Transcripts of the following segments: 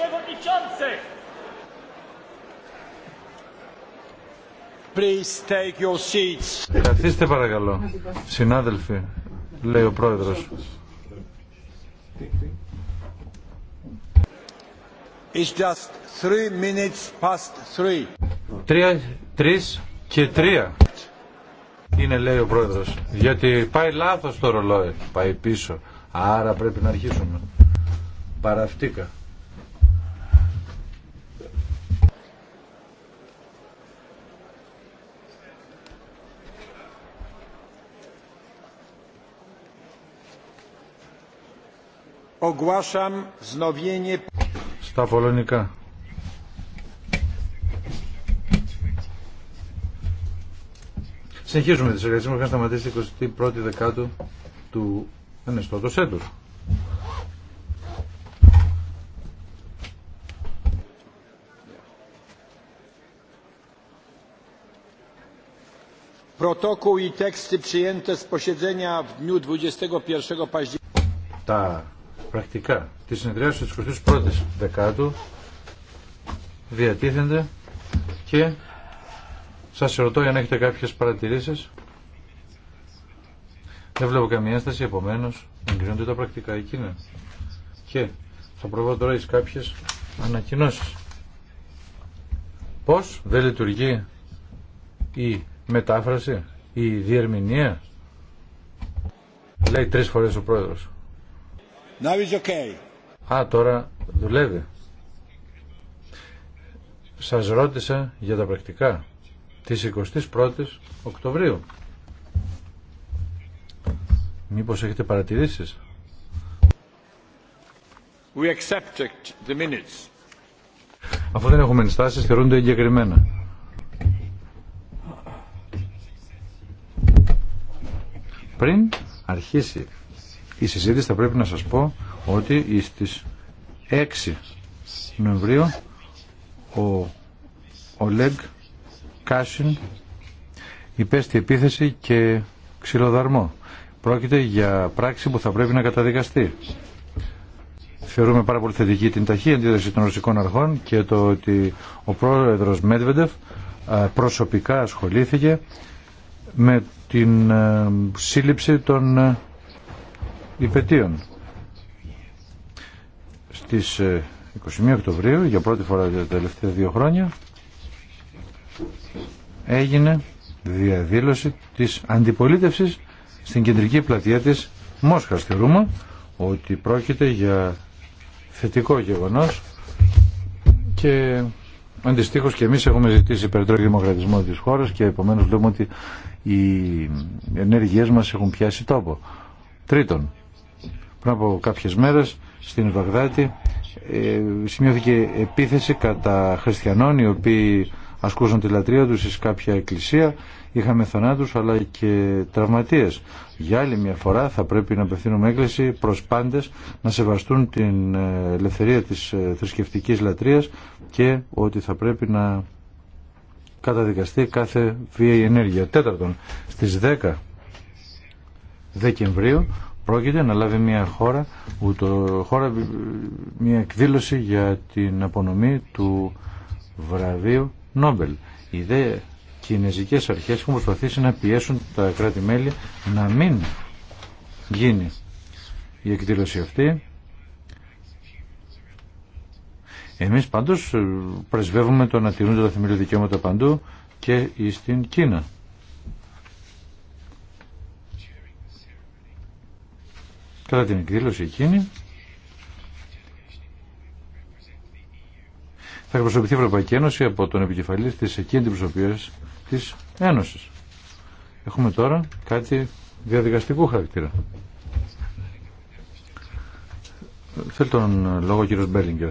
przewodniczący! Please take your seats. Καθίστε παρακαλώ, συνάδελφοι, λέει ο πρόεδρος. It's just three minutes past three. Τρία, τρεις και τρία. Είναι λέει ο πρόεδρος, γιατί πάει λάθος το ρολόι, πάει πίσω, άρα πρέπει να αρχίσουμε. Παραφτήκα. Στα πολωνικά. Συνεχίζουμε τις εργασίες μας. Είχαν σταματήσει 21η Δεκάτου του ενεστώτος έτους. Τα οι ποσεδενια 21 Τα πρακτικά τη συνεδρίαση τη 21 η Δεκάτου διατίθενται και σας ρωτώ για έχετε κάποιες παρατηρήσεις. Δεν βλέπω καμία ένσταση, επομένως εγκρίνονται τα πρακτικά εκείνα. Και θα προβάλλω τώρα εις κάποιες ανακοινώσει. Πώς δεν λειτουργεί η μετάφραση, η διερμηνία. Λέει τρεις φορές ο πρόεδρος. Now it's okay. Α, τώρα δουλεύει. Σας ρώτησα για τα πρακτικά της 21ης Οκτωβρίου. Μήπως έχετε παρατηρήσεις. We accepted the minutes. Αφού δεν έχουμε ενστάσεις, θεωρούνται εγκεκριμένα. Πριν αρχίσει η συζήτηση θα πρέπει να σας πω ότι στις 6 Νοεμβρίου ο Ολέγκ Κάσιν υπέστη επίθεση και ξυλοδαρμό. Πρόκειται για πράξη που θα πρέπει να καταδικαστεί. Θεωρούμε πάρα πολύ θετική την ταχύ αντίδραση των ρωσικών αρχών και το ότι ο πρόεδρος Μέντβεντεφ προσωπικά ασχολήθηκε με την σύλληψη των Υπετίων. Στις 21 ε, Οκτωβρίου, για πρώτη φορά τα τελευταία δύο χρόνια, έγινε διαδήλωση της αντιπολίτευσης στην κεντρική πλατεία της Μόσχας. Θεωρούμε ότι πρόκειται για θετικό γεγονός και αντιστοίχως και εμείς έχουμε ζητήσει περαιτέρω δημοκρατισμό της χώρας και επομένως βλέπουμε ότι οι ενέργειές μας έχουν πιάσει τόπο. Τρίτον, πριν από κάποιες μέρες στην Βαγδάτη ε, σημειώθηκε επίθεση κατά χριστιανών οι οποίοι ασκούσαν τη λατρεία τους σε κάποια εκκλησία είχαμε θανάτους αλλά και τραυματίες για άλλη μια φορά θα πρέπει να απευθύνουμε έκκληση προς πάντες να σεβαστούν την ε, ελευθερία της ε, θρησκευτικής λατρείας και ότι θα πρέπει να καταδικαστεί κάθε βία ενέργεια τέταρτον στις 10 Δεκεμβρίου πρόκειται να λάβει μια χώρα, ούτω, χώρα μια εκδήλωση για την απονομή του βραβείου Νόμπελ. Οι δε κινέζικες αρχές έχουν προσπαθήσει να πιέσουν τα κράτη-μέλη να μην γίνει η εκδήλωση αυτή. Εμείς πάντως ε, πρεσβεύουμε το να τηρούνται τα θεμελιώδη δικαιώματα παντού και στην Κίνα. Κατά την εκδήλωση εκείνη θα εκπροσωπηθεί η Ευρωπαϊκή Ένωση από τον επικεφαλή τη εκείνη την προσωπία τη Ένωση. Έχουμε τώρα κάτι διαδικαστικού χαρακτήρα. Θέλω τον λόγο κύριο Μπέλιγκερ.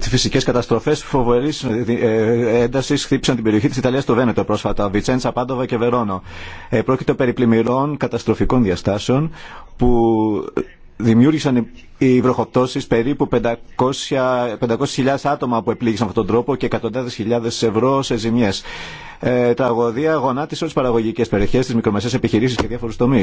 Τι φυσικέ καταστροφέ φοβερή ε, ε, ένταση χτύπησαν την περιοχή τη Ιταλία στο Βένετο πρόσφατα, Βιτσέντσα, Πάντοβα και Βερόνο. Ε, πρόκειται περί πλημμυρών καταστροφικών διαστάσεων που δημιούργησαν οι βροχοπτώσει περίπου 500.000 500 άτομα που επλήγησαν αυτόν τον τρόπο και εκατοντάδε χιλιάδε ευρώ σε ζημιέ. Ε, τραγωδία γονάτισε όλε τι παραγωγικέ περιοχέ, τι μικρομεσαίε επιχειρήσει και διάφορου τομεί.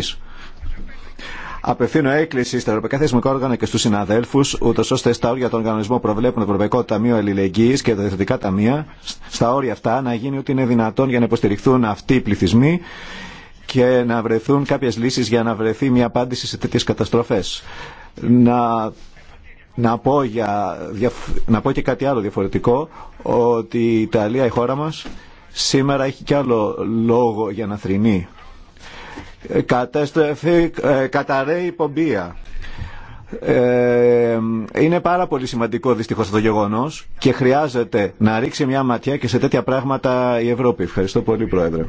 Απευθύνω έκκληση στα ευρωπαϊκά θεσμικά όργανα και στου συναδέλφου, ούτω ώστε στα όρια των οργανισμών προβλέπουν το Ευρωπαϊκό Ταμείο Αλληλεγγύη και τα Διευθυντικά Ταμεία, στα όρια αυτά να γίνει ό,τι είναι δυνατόν για να υποστηριχθούν αυτοί οι πληθυσμοί και να βρεθούν κάποιε λύσει για να βρεθεί μια απάντηση σε τέτοιε καταστροφέ. Να να πω, να πω και κάτι άλλο διαφορετικό, ότι η Ιταλία, η χώρα μας, σήμερα έχει κι άλλο λόγο για να θρυνεί καταστρεφεί, ε, καταραίει πομπία. Ε, είναι πάρα πολύ σημαντικό δυστυχώς το γεγονός και χρειάζεται να ρίξει μια ματιά και σε τέτοια πράγματα η Ευρώπη. Ευχαριστώ πολύ Πρόεδρε.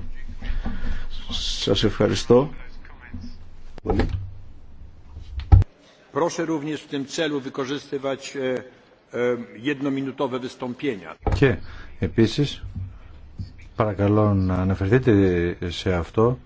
Σας ευχαριστώ. Και επίσης παρακαλώ να αναφερθείτε σε αυτό